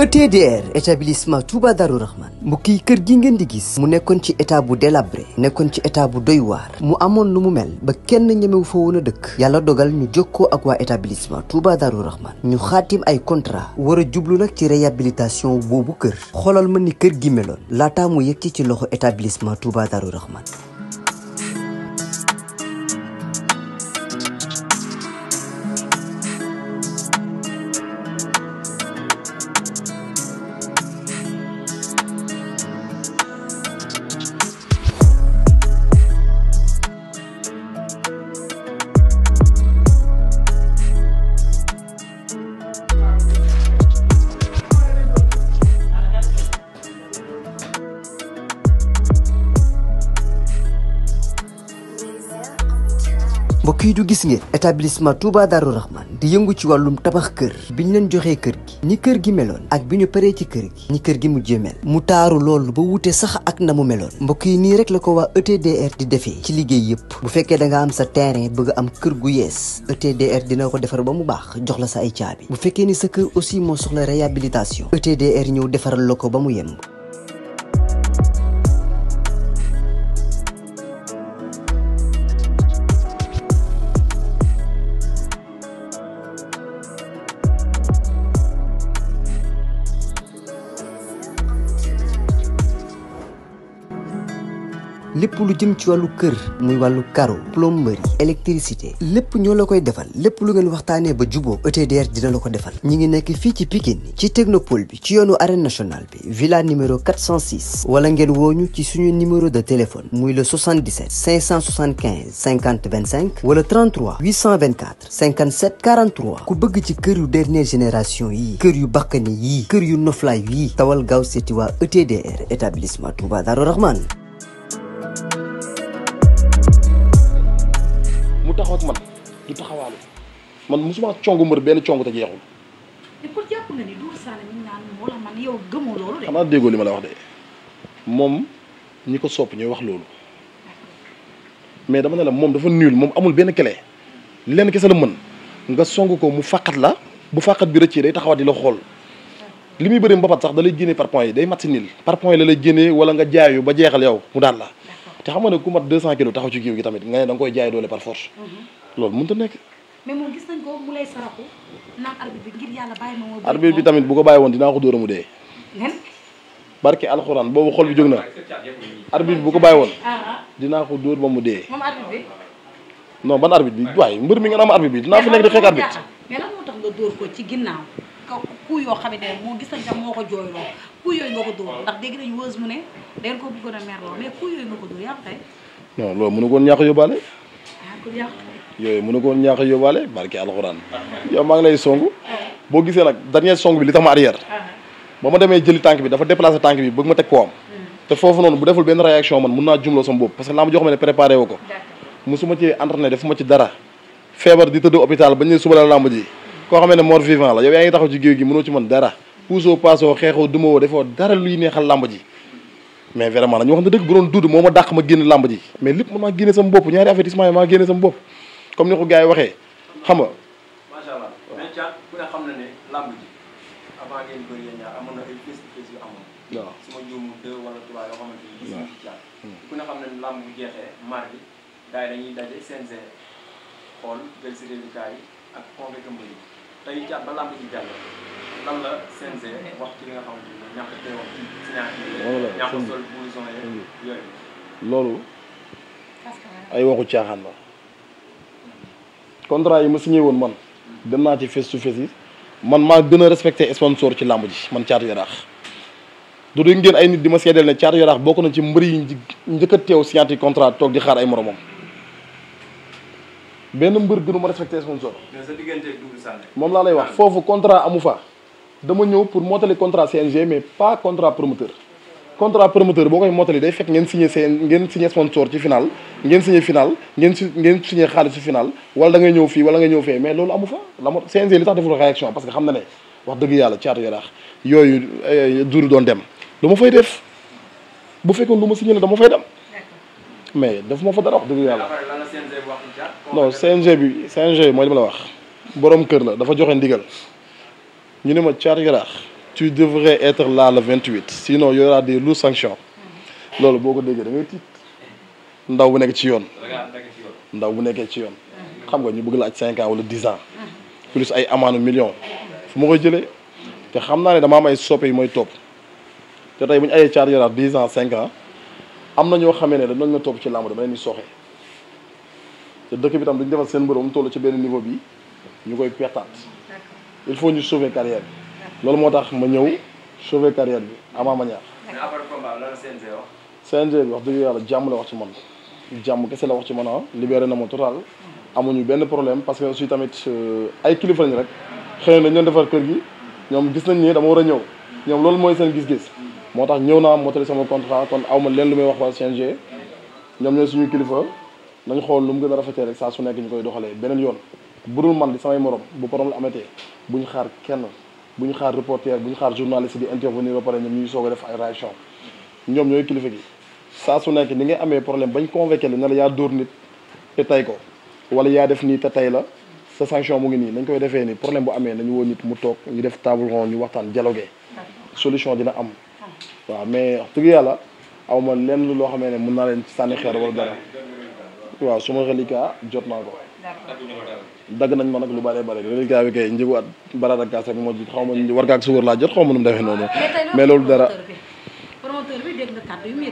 ETDR établissement Touba Darou Rahman mbokk yi kër gi ngeen di gis mu nekkoon ci état bu délabré nekkoon ci état bu doy mu amoon lu mu mel ba kenn ñemewu fa woon a dëkk yàlla dogal ñu ko ak waa établissement Touba Darou Rahman ñu xaatim ay contrat war a jublu nag ci réhabilitation boobu kër xoolal ma ni kër gi meloon laataa mu yegg ci ci loxo établissement Touba Darou Rahman mbokk yi du gis ngeen établissement Touba Darou di yëngu ci wàllum tabax kër bi ñu leen joxee kër gi ni kër gi meloon ak bi ñu paree ci kër gi ni kër gi mujjee mel mu taaru loolu ba wute sax ak na mu meloon mbokk yi nii rek la ko waa ETDR di defee ci liggéey yëpp bu fekkee da nga am sa terrain bëgg am kër gu yees ETDR dina ko defar ba mu baax jox la sa ay caabi bu fekkee ni sa kër aussi moo soxla réhabilitation ETDR ñëw defaral la ko ba mu yemb lépp lu jëm ci wàllu kër muy wàllu carreau plomberie électricité lépp ñoo la koy defal lépp lu ngeen waxtaanee ba juboo ETDR dina la ko defal ñi ngi nekk fii ci Pikine ci technopole bi ci yoonu arène nationale bi villa numéro 406 wala ngeen wooñu ci suñu numéro de téléphone muy le 77 575 50 25 wala 33 824 57 43 ku bëgg ci kër yu dernière génération yi kër yu bakkani yi kër yu noflaay yi tawal gaaw seeti waa ETDR établissement Touba Darou Rahman taxaw ak man du taxawaalu man musuma congu mbër benn congu te jeexul. mais pour jàpp nga ni Dour Sané mi naan wala man yow gëmoo loolu de. xanaa déggoo li ma la wax de moom ñi ko mais dama ne la moom dafa nul mom amul benn clé lenn kese la mën nga song ko mu faqat la bu faqat bi rëccee day taxawaat di la xool. li muy bëri mbapat sax da lay génnee par point yi day mat si niil par point la lay génnee wala nga jaayu ba jeexal yow mu daan la te xam nga ne ku mat 200 kilos taxaw ci kiiw gi tamit nga ne da nga koy jaay doole par force. Mhm. loolu mënut a nekk. mais bi tamit bu ko bàyyi woon dinaa ko dóora mu dee. barke boobu xol bi jóg na arbitre bi ko bàyyi woon. Ah, ah. dinaa ko dóor ba mu dee. moom arbitre bi. non ban arbitre bi waaye mbër mi nga naan arbitre bi dinaa fi nekk di fekk arbitre. ko ku yoo xamante ne moo gis nañ sax moo ko jooyloo ku yooyu nga ko dóor ndax dégg nañ mu ne dangeen ko bëggoon a merloo mais ko dóor koon ñàkk yóbbaale ko ah, yàq yooyu mënu koon barke alxuraan yow maa ngi lay song boo gisee nag dernier song bi li tax ma arrière ah. ba ma demee jëli tànk bi dafa déplacé tànk bi bëgg ma teg ko am hmm. te foofu noonu bu deful benn réaction man mun naa jumloo sama bopp parce que laa ma jox ma ne préparé wu ko musuma ci entraîné defuma ci dara feebar di tëdd hôpital bañ ne suba la làmb ji koo xamee ne mort vivant la yow yaa ngi taxaw ci géew gi mënoo ci mën dara puusoo paasoo xeexoo dumawoo defoo dara luy neexal làmb ji mais vraiment nañu wax na dëgg bu doon dudd moo ma dàq ma génn làmb ji mais lépp man maa génne sama bopp ñaari avertissement yi maa génne sama bopp comme ni ko gars yi waxee xam nga macha allah mais na ne làmb ji avant ngeen bëri na hmm. na ne làmb bu jeexee tey jàpp ba làmb ji jàll lan la CNG wax ci nga xamante ni ñàkk teewam ci signature ñàkk sol blouson yooyu loolu ay waxu caaxaan la contrat yi ma signé woon man dem naa ci face to face yi man maa gën a respecté sponsor ci làmb ji man Caatu Yaraax du ngeen ay nit di ma seedeel ne Caatu Yaraax bokk na ci mbër yi njëkk a teew contrat toog di xaar ay moromam ben mbeur gënu ma respecté sponsor. mais sa diggante ak Doudou Sané moom laa lay wax fofu contrat amu fa. dama ñëw pour motali contrat CNG mais pas contrat promoteur. contrat promoteur boo koy mottali day fekk ngeen signé seen ngeen signé sponsor ci final. ngeen signé final ngeen ngeen signé xaalis ci final wala da nga ñëw fi wala nga ñëw fee mais loolu amu fa la CNG li tax deful réaction parce que xam na ne wax dëgg yàlla ciatu yarax yooyu duru doon dem. dama fay def bu fekkoon lu ma signé la dama fay dem mais daf ma fa dara wax dëgg yalla non CNG bi CNG moy mooy li ma la wax. borom keur la dafa joxe ndigal. ñu ne ma Thiat Yaraax. tu devrais être là le 28 sinon y aura des lourdes sanctions. loolu boko ko da ngay tit ndaw bu nekk ci yoon. ndaw bu nekkee ci yoon. xam nga ñu bëgg la aj 5 ans wala 10 ans. plus ay amaanu millions. fu ma koy jëlee. te xam naa ne dama am ay soppe yi mooy topp. te tey bu ñu ayee Thiat Yaraax 10 ans 5 ans amna na ñoo xamee ne danañ la top ci làmb dama leen di soxe te dëkk bi tam duñ defal seen mbërëm mu ci benn niveau bi ñu koy pertaat il faut ñu sauver carrière lool motax ma ñëw sauver carrière bi ama ma ñaar CNG bi wax dëgg yàlla jàmm la wax ci man jàmm kese la wax ci man ah libéré na ma total mm-hmm. amuñu benn problème parce que aussi tamit euh, ay kilifa lañ rek xëy na ñu doon defar kër gi ñoom gis nañ ni dama war a ñëw ñoom loolu mooy seen gis-gis moo tax ñëw naa motali sama contrat kon aw ma leen lu may wax waa CNG ñoom ñooy suñu kilifa nañ xool lu mu gën a rafetee rek saa su nekk ñu koy doxalee beneen yoon budul man di morom bu problème amatee bu ñu xaar kenn bu ñu xaar reporter bu ñu xaar journaliste di intervenir ba pare ñoom ñuy soog a def ay réaction ñoom ñooy kilifa gi saa su nekk ni ngay amee problème bañ convoqué la ne la yaa dóor nit te tay ko wala yaa def nii te tay la sa sanction mu ngi nii nañ koy defee nii problème bu amee nañu woo nit mu toog ñu def table ronde ñu waxtaan dialogué solution dina am waaw mais wax yàlla aw ma lenn loo xamee ne mën naa leen sànni xeer dara waaw suma reliquat jot naa dagg nañ ma nag lu bëree bëri reliquat bi kay njëgu at baraat ak kaas rek xaw ma war ngaa ak laa jot xaw ma nu mu defee mais loolu dara promoteur bi makan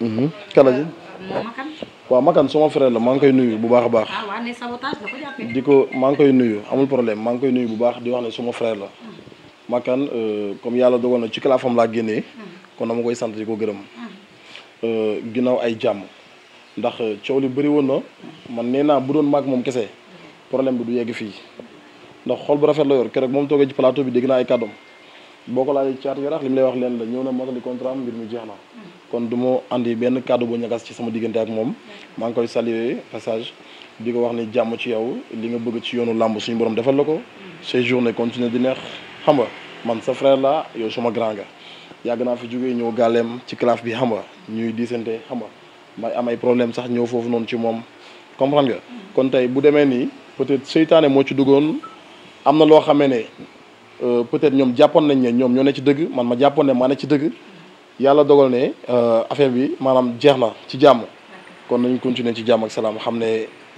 mhm. euh, waaw makan suma frère la maa ngi koy nuyu bu baax a baax. Ah, di ko maa koy nuyu amul problème maa ngi koy nuyu bu baax di wax ne suma frère la. Hmm. makan euh, comme yàlla dogal na ci kalaafam laa génnee. Hmm. kon dama koy sant di ko gërëm euh, ginnaaw ay jàmm ndax euh, coow li bëri woon na man nee naa bu doon maag moom kese problème bi du yegg fii ndax xol bu rafet la moom toogee ci plateau bi dégg ay kàddoom boo ko laajee caat yaraax li mu lay wax leen la ñëw na matali contrat mbir mi jeex na kon du ma andi benn kàddu bu ñagas ci sama diggante ak moom maa ngi koy saluer passage di ko wax ni jàmm ci yow li nga bëgg ci yoonu làmb suñu borom defal la ko. say journée continue di neex xam nga man sa frère la yow suma grand nga. yàgg naa fi jógee ñëw gàlleem ci classe bi xam nga ñuy diisante xam nga may am ay problème sax ñëw foofu noonu ci moom comprendre nga. Hmm. kon tey bu demee nii peut-être seytaane moo ci duggoon am na loo xamee ne euh, peut-être ñoom jàppoon nañ ne ñoom ñoo ne ci dëgg man ma jàppoon ne maa ne ci dëgg yàlla dogal ne euh, affaire bi maanaam jeex na ci jàmm kon nañ continuer ci jàmm ak salaam xam ne.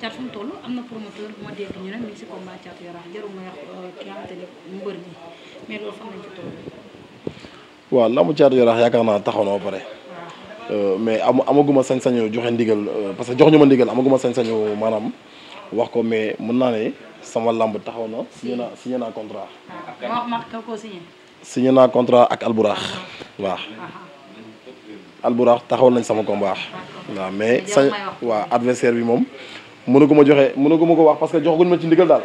caat fu mu toll euh, waaw làmb caat yaakaar naa taxaw na ba pare. Euh, mais am amaguma sañ-sañu joxe ndigal euh, parce que jox ñu ma ndigal amaguma sañ-sañu maanaam wax ko mais mën naa ne sama làmb taxaw na. signé naa contrat. waaw ah, contrat ak Alburax ah. waaw. Ah, Alburax taxaw nañ sama combat. waaw mais adversaire bi moom. mënuguma joxe mënuguma ko wax parce que joxaguñ ma ci ndigal daal.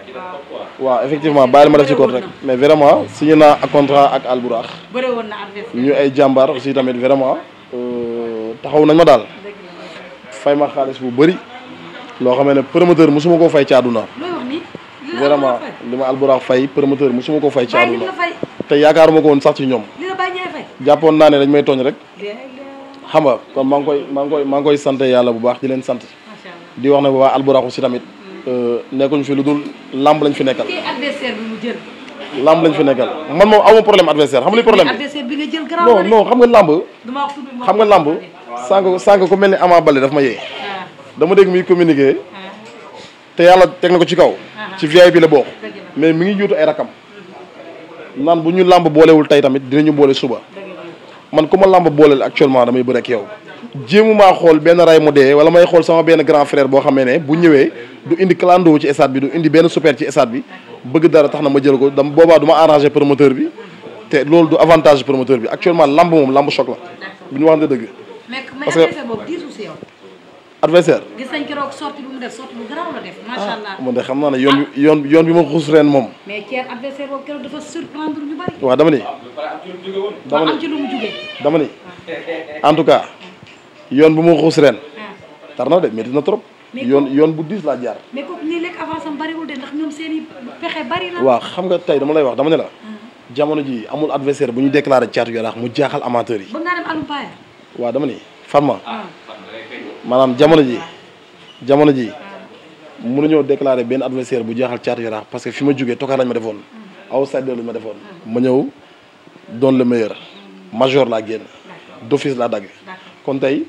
waaw effectivement bàyyil ma def rek. mais vraiment signé naa ak contrat ak Alburax. bëriwoon na ñu ay jàmbaar aussi tamit vraiment euh, taxaw nañ ma daal. fay ma xaalis bu bëri. loo xamee ne promoteur mosuma koo fay ci àdduna. vraiment li ma Alburax fay promoteur mosuma koo fay ci àdduna. te yaakaaruma ko woon sax ci ñoom. jàppoon naa ne dañ may tooñ rek. xam nga kon maa ngi koy maa ngi sant yàlla bu baax di leen sant. di wax ne waa alburaxu si tamit euh, nekkuñ fi lu dul làmb lañ fi nekkal. kii adversaire lamb lañ fi nekkal man moom amoo problème adversaire xam nga li problème bi. adversaire bi nga xam nga lamb. xam nga lamb sànq sànq ku mel ni Ama bale daf ma yee. Ah. dama dégg muy communiqué. Ah. te yàlla teg na ko ci kaw. Ah. ci VIP bi la bokk. mais mi ngi juutu ay rakam. naan bu ñu lamb boolewul tey tamit dina ñu boole suba. man ku ma lamb booleel actuellement damay bëre ak yow. maa xool benn ray mu dee wala may xool sama benn grand frère boo xamee ne bu ñëwee du indi clando ci stade bi du indi benn super ci stade bi bëgg dara tax na ma jël ko dam boobaa du ma arrangé promoteur bi te loolu du avantage promoteur bi actuellement lamb moom lamb choc la bu ñu waxante dëgg parce que adversaire gis ah, de xam naa ne yoon yoon yoon bi ma xuus ren moom mais dama ni dama ni dama ni en tout cas yon bu mo xoss ren. Ah. tarno yon de métti na trop. yon yon bu diis la jaar. mais ko ni lek avance bari wul de ndax ñom seen pexé bari la. wa xam nga tay dama lay wax dama ne la. Ah. jamono ji amul adversaire bu ñu déclaré caatu yaraax mu jaxal amateur yi. bu nga dem Alumpaaya. wa dama ni Fatma. Ah. manam jamono ji jamono ji ñoo déclaré ben adversaire bu jaaxal caatu yaraax parce que fima ma jógee lañ ma defoon. outsider lu ma defoon. ma ñew don le meilleur major la génn. d'office la dagg kon tay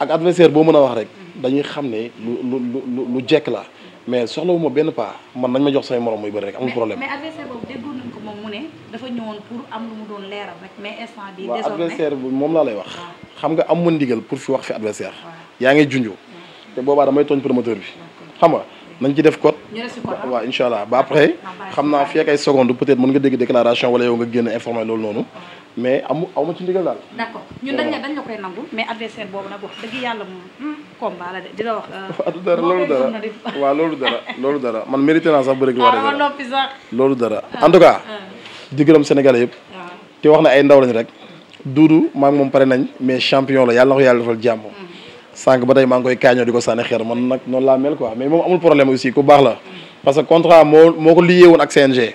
ak adversaire boo mën a wax rek dañuy xam ne lu lu lu lu jekk la mais soxlawuma benn pas man nañ ma jox samay morom mooy bëri rek amul problème. moom am lu mu doon leeral rek moom laa lay wax. xam nga am ma ndigal pour fi wax fi adversaire yaa ngi junjoo te boobaa damay tooñ promoteur bi xam nga. nañ ci def code waaw incha allah ba après xam naa fii ak ay secondes peut-être mën nga dégg déclaration wala yow nga génn informé loolu noonu mais amu aw ma ci ndigal daal. d' hmm, euh, dara loolu loolu dara loolu dara man mérité naa sax bëri na. Ah, waaw loolu dara ah, en tout cas. Ah. di gërëm yëpp. te wax na ay ndaw lañ rek. Doudou maa ngi moom pare nañ mais champion yàlla na ko yàlla defal jàmm. Hmm. sànq ba ko sànni xeer man nag noonu laa mel quoi mais moom amul problème aussi ku baax la hmm. parce que contrat moo moo ko lié woon ak CNG.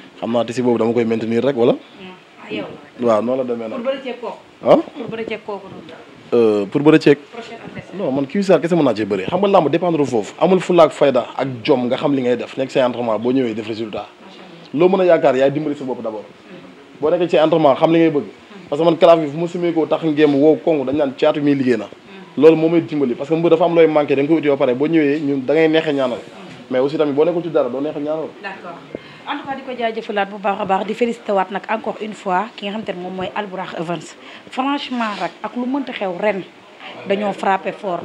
xam naa tisi boobu dama koy maintenir rek wala. Ah, yow waaw noonu la demee nag. pour bëri ceeb kooku. ah pour bëri ceeb kooku noonu. Euh, man kii kese mën naa cee bëri xam nga làmb dépendre foofu amul fulla ak fayda ak jom nga xam li ngay def nekk say entraînement boo ñëwee def résultat loo mën a yaakaar yaay dimbali sa bopp d'abord boo nekkee ci entraînement xam li ngay bëgg hmm. parce que man calaf bi fu ma sumee hmm. loolu moo may dimbali parce que mbir dafa am looy manqué da nga ko uti pare boo ñëwee ñun da ngay neexe hmm. mais aussi tamit boo nekkul ci dara doo neexe ñaanal en tout cas di ko bu baakha a baax di féliciter wat nak encore une fois ki nga xamantene mom moy moom Events franchement rak ak lu meunta xew ren daño frapper fort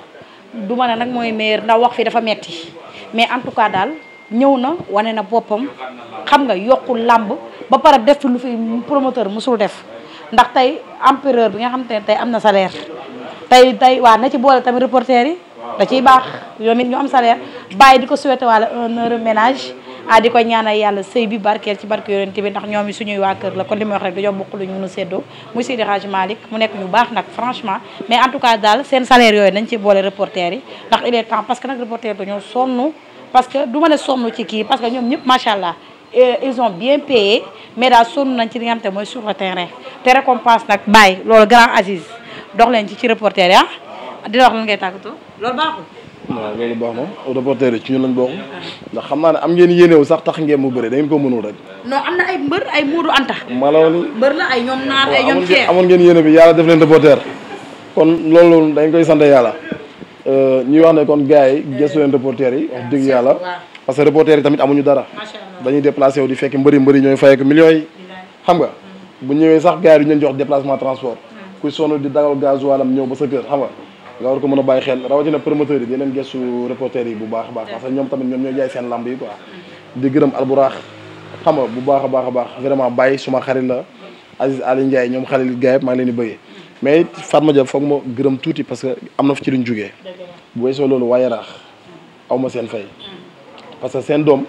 du ma nak moy maire na wax fi dafa metti mais en tout cas dal ñewna wané wane na bopam xam nga yokku lamb ba para def fi lu fi promoteur musul def ndax tay empereur bi nga xamantene tay amna salaire tay tay wa na ci boole tam reporter yi da ci bax ñoom it ñu am salaire bàyyi diko souhaiter wala un heure ménage ah di ko ñaanal yàlla sëy bi barkeel ci barke yonent ndax ñoom yi suñuy waa la kon li wax rek dañoo bokk ñu mën a muy Seydi Hadji Malick mu nekk ñu baax nag franchement mais en tout cas daal seen salaire yooyu nañ ci boole reporter yi ndax il temps parce que nag reporter dañoo sonn parce que du ne sonn ci kii parce que ñoom ñëpp macha allah euh, ils ont bien payé mais daal sonn nañ ci li nga te mooy sur le terrain te récompense nag waaw loolu baax na reporter yi ci ñun lañ bokk ndax xam naa ne am ngeen yéenew sax tax ngeen mu bëri da ngeen ko mënul rek non am na amoon ngeen yéene bi yàlla def leen reporter kon loolu dañ koy sant yàlla euh, ñuy wax ne kon gars yi gëstu leen reporter yi wax dëgg yàlla parce que reporter yi tamit amuñu dara dañuy déplacé wu di fekk mbëri mbëri ñooy fayeeku millions yi xam nga mm-hmm. bu ñëwee sax gars yi du ñu leen jox déplacement transport mm-hmm. kuy sonn di dagal gasoil am ñëw ba sa kër nga war ko mën a bàyyi xel rawatina promoteur yi di leen gëstu reporter yi bu baax a baax parce que ñoom tamit ñoom ñooy jaay seen lamb yi quoi mm-hmm. di gërëm alburaax xam bu baax a baax a baax vraiment bàyyi suma xarit la Aziz Ali Ndiaye ñoom xarit gaay yëpp maa ngi leen di bëggee mm-hmm. mais Fatma Dia foog ma gërëm tuuti parce que am na fi ci luñ jógee bu weesoo loolu waaye raax mm-hmm. aw ma seen fay parce que seen doom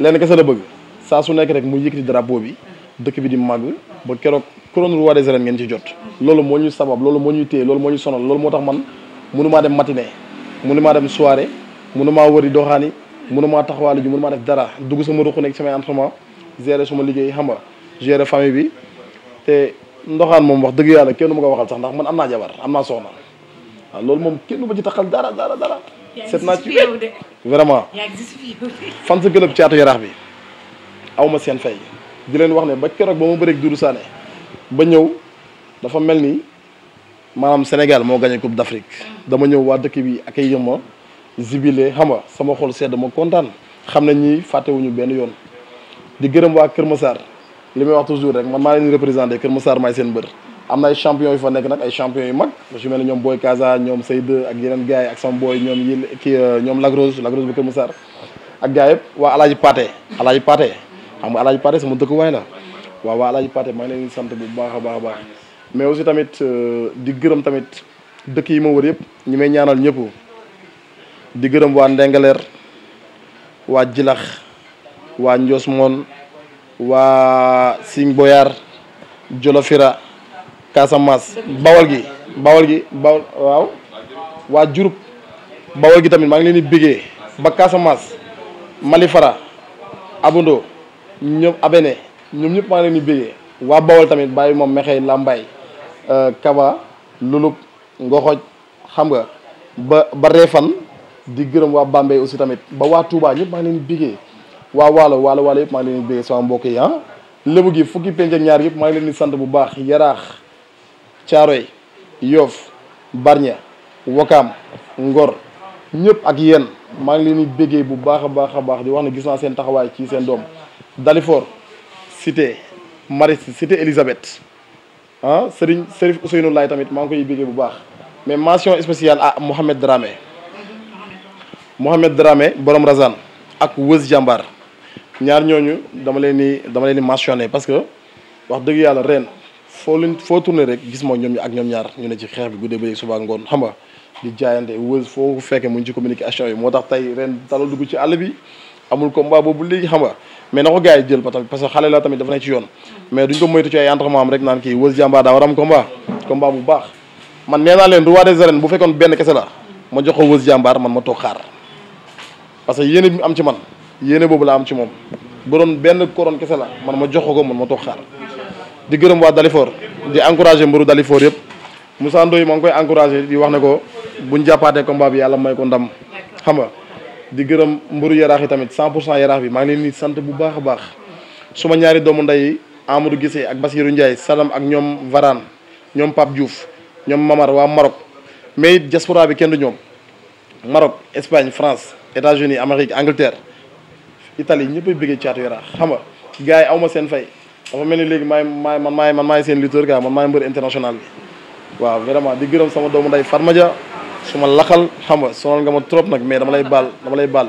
leen kese la bëgg saa su nekk rek mu yëkkati drapeau bi dëkk bi di màgg ba keroog couronne roi moo ñu sabab loolu moo ñuy téye loolu moo moo tax man munuma dem matinée munuma dem soirée munuma wëri doxaani munuma taxawaale ji def dara dugg sama ruq nek samay entraînement gérer sama liggéey xam nga gérer famille bi té ndoxane mom wax dëgg yàlla kenn du ma ko waxal sax ndax man am jabar am naa soxna waaw loolu moom kenn ci taxal dara dara dara naa ci vraiment fan sa club caatu yaraax bi aw ma fay di leen wax ne ba keroog ba ma bëreeg ba ñëw dafa maanaam Sénégal moo gagné coupe d'Afrique dama ñëw waa dëkk bi ak ay ma zibilé xam nga sama xol sedd ma kontaan xam ne ñi fàttewuñu benn yoon di gërëm waa Kër Massar li may wax toujours rek man maa leen Kër Massar maay seen mbër am na ay champion nekk nag ay champion yu ne ñoom Boy Kaza ñoom Seydou ak yeneen gars yi ak sama boy ñoom la kii euh, ñoom Lagrose Lagrose bu Kër Massar ak gars yëpp waa Alaaji Paté Alaaji Paté xam nga Alaaji Paté sama dëkkuwaay la waaw waa Alaaji Paté maa ngi leen di sant bu baax a baax a baax mais aussi tamit euh, di gërëm tamit dëkk yi ma wër yëpp ñi may ñaanal ñëpp di gërëm waa Ndengaleer waa Jilax waa Moon waa Boyar Jolofira kasamas bawal gi bawal gi bawal waaw waa Diouroup bawal gi tamit maa ngi leen di bégee ba Malifara abundo ñoom Abene ñoom ñëpp maa ngi leen di waa bawal tamit bàyyi moom mexey làmbaay Euh, Kaba Lulub Ngoxoj xam nga ba ba Réfan di gërëm waa Bambey aussi tamit ba waa Touba ñëpp maa ngi leen di bégee waa Waalo Waalo Waalo yëpp maa ngi leen di sama mbokk yi ah. lébu gi fukki penc ñaar yëpp maa ngi leen di sant bu baax Yaraax Caaroy Yoff Barña Wakaam Ngor ñëpp ak yéen maa ngi leen di bégee bu baax a baax a baax di wax na gis naa seen taxawaay ci seen doom Dalifor cité Maristes cité Elisabeth. ah Serigne Serif Ousseynou Laye tamit maa ngi koy bégee bu baax mais mention spéciale à Mohamed Dramé Mohamed Dramé borom Razan ak Wës Jambar ñaar ñooñu dama leen ni dama leen ni mentionné parce que wax dëgg yàlla ren foo leen foo tourné rek gis moo ñoom ñu ak ñoom ñaar ñu ne ci xeex bi guddee ba suba ngoon xam nga di jaayante Wës foo fekkee mu ngi ci communication yi moo tax tey ren talal dugg ci àll bi amul combat boobu léegi xam nga mais na ko gars yi jël ba tamit parce que xale la tamit dafa nekk ci yoon. mais duñ ko moytu ci ay entraînement am rek naan kii Weuz Diambar daa war am combat bu baax man nee naa leen roi des arènes bu fekkoon benn kese la ma jox ko Weuz Diambar man ma toog xaar parce que yéene bi am ci man yéene boobu la am ci moom bu doon benn koroon kese la man ma jox ko man ma toog xaar di gërëm waa Dalifor di encouragé mbëru Dalifor yëpp Moussa Ndoye maa ngi koy encouragé di wax ne ko buñ jàppaatee combat bi yàlla may ko ndam xam nga di gërëm mbëru yaraax yi tamit 100 pour cent bi maa ngi leen di sant bu baax a baax suma ñaari doomu ndey Amadou gisse ak basirou ndjay Salam ak ñom varan ñom pap Diouf ñom Mamar wa Maroc mais it diaspora bi kenn du ñoom Maroc Espagne France États-Unis Amérique Angleterre Italie ñëpp a bëggee Thiatou Yarakh xam nga gaay awma sen fay dafa melni légui may may man may man may sen lutteur quoi man may mbeur international wa vraiment di gëreum sama doomu nday Farmadia suma ma laxal xam nga sonal nga ma trop nak mais dama lay bal dama lay bal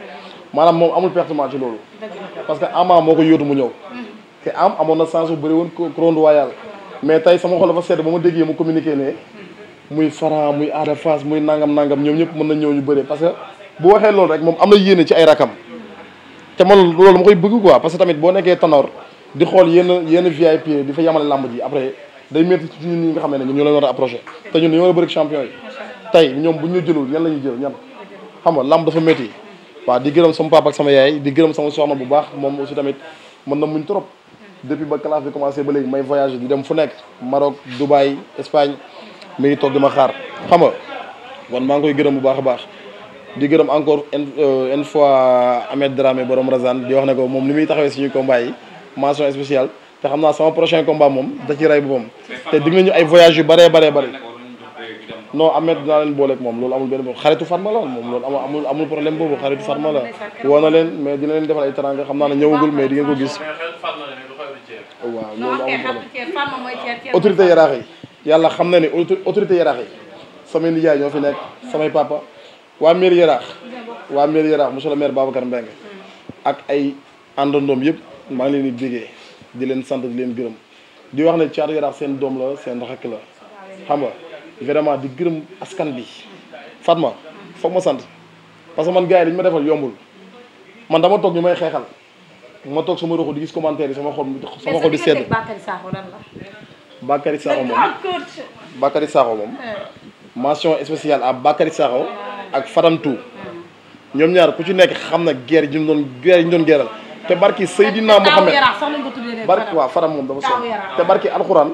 maanaam moom amul pertement ci loolu parce que ama moo ko yóotu mu ñëw te am amoon na chance bu bëri woon couronne royale mais tey sama xol dafa sedd ba ma déggee mu communiqué ne muy Franc muy Ada Fass muy nangam nangam ñoom ñëpp mën na ñëw ñu bëri parce que bu waxee loolu rek moom am na yéene ci ay rakam te man loolu ma koy bëgg quoi parce que tamit boo nekkee Tanor di xool yenn yenn VIP di fa yamale làmb ji après day métti ci ñun ñi nga xam ne ñun ñoo leen war a approché te ñun dañoo war a bëri champion yi tey ñoom bu ñu jëlul yan la ñuy jël ñan xam nga làmb dafa métti wa di gërëm sama papa ak sama yaay di gërëm sama soxna bu baax mom aussi tamit mën na muñ trop depuis ba classe bi commencé ba légui may voyage di dem fu nek Maroc dubai Espagne mi ngi tok di xaar xam nga won ma ngoy gërëm bu baax a baax di gërëm encore euh, une fois Ahmed Dramé borom Razan di wax ne ko moom li muy taxawee combat yi mention spéciale té xamna sama prochain combat mom da ci rey boppam te dig nañu ay voyage yu bare bare bare non Ahmed dinaa leen booleeg moom loolu amul benn xaritu Fatma la moom loolu amul amul problème boobu xaritu Fatma la woo na leen mais dina leen defal ay teraanga xam naa ne ñëwagul mais di ngeen ko gis waaw loolu amul problème autorité yaraax yi yàlla xam na ne autorité yaraax yi samay nijaay ñoo fi nekk samay papa waa mairie yaraax waa mairie yaraax monsieur le maire Babacar ak ay àndandoom yëpp maa ngi leen di bégee di leen sant di leen gërëm di wax ne caatu yaraax seen doom la seen rakk vraiment di gërëm askan bi Fatma foog ma sant parce que man gars yi ñu ma defal yombul man dama toog ñu may xeexal ma toog sama roxo di gis commentaire yi sama xol sama xol di sedd Bakary Sakho moom Bakary Sakho moom mention spéciale à Bakary Sakho ak Fadam ñoom ñaar ku ci nekk xam na guerre yi ñu doon guerre yi ñu doon guerral te barki Seydina Mohamed barki waaw Fadam moom dafa so te barki alxuraan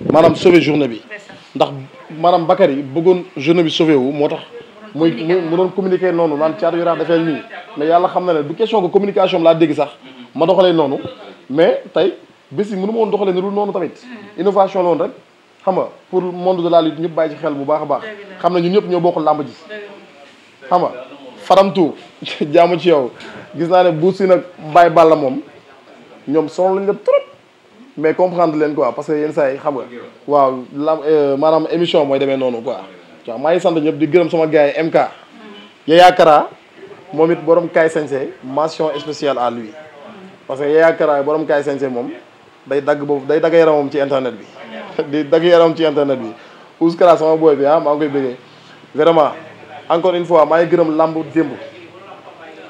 Madame sauver journée bi ndax Bakary journée bi sauver wu motax moy mu communiquer nan mais ne du question communication sax ma mais mënu mm-hmm. innovation la rek pour monde de la lutte ñëpp bay ci xel bu baaxa baax xam ne ñun faire ñoo bokku lamb ji xam nga faramtu jaamu ci yow gis na ne bu si la trop mais comprendre leen quoi parce que yenn saa yi xam nga. waaw la euh, maanaam émission mooy demee noonu quoi. waaw maa ngi sant ñëpp di gërëm sama gars yi MK. Yaya Kara moom it borom Kaay Sañse mention spéciale à lui parce que Yaya Kara borom Kaay Sañse moom day dagg boobu day dagg yaramam ci internet bi. di dagg yaram ci internet bi Ouskara sama boy bi ah maa ngi koy bëggee vraiment encore une fois maa ngi gërëm lamb démb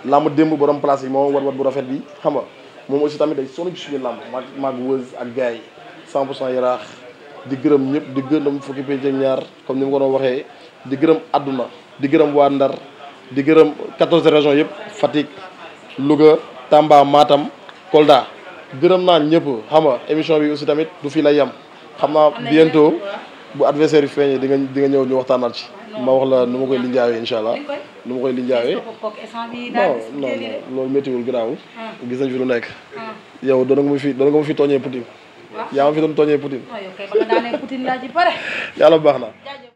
lamb démb borom place yi moo wat wat bu rafet bi xam nga. moom aussi tamit day sonn ci suñu làmb maag maag wëz ak gars yi 100 pour cent yaraax di gërëm ñëpp di gërëm fukki pénc ñaar comme ni ma ko waxee di gërëm àdduna di gërëm waa Ndar di gërëm 14 régions yëpp Fatick Louga Tamba maatam Kolda gërëm naa ñëpp xam nga émission bi aussi tamit du fii la yam xam naa bientôt bu adversaire yi feeñee di nga di nga ñëw ñu waxtaanal ci ma wax la nu ma koy linjaawee incha allah nu ma koy lijjaawee non non loolu méttiwul garaawul ah. gis nañ fi lu nekk ah. yow doona nga ma fi doona nga ma fi tooñee Poutine yaa ma fi doon tooñee Poutine yàlla baax na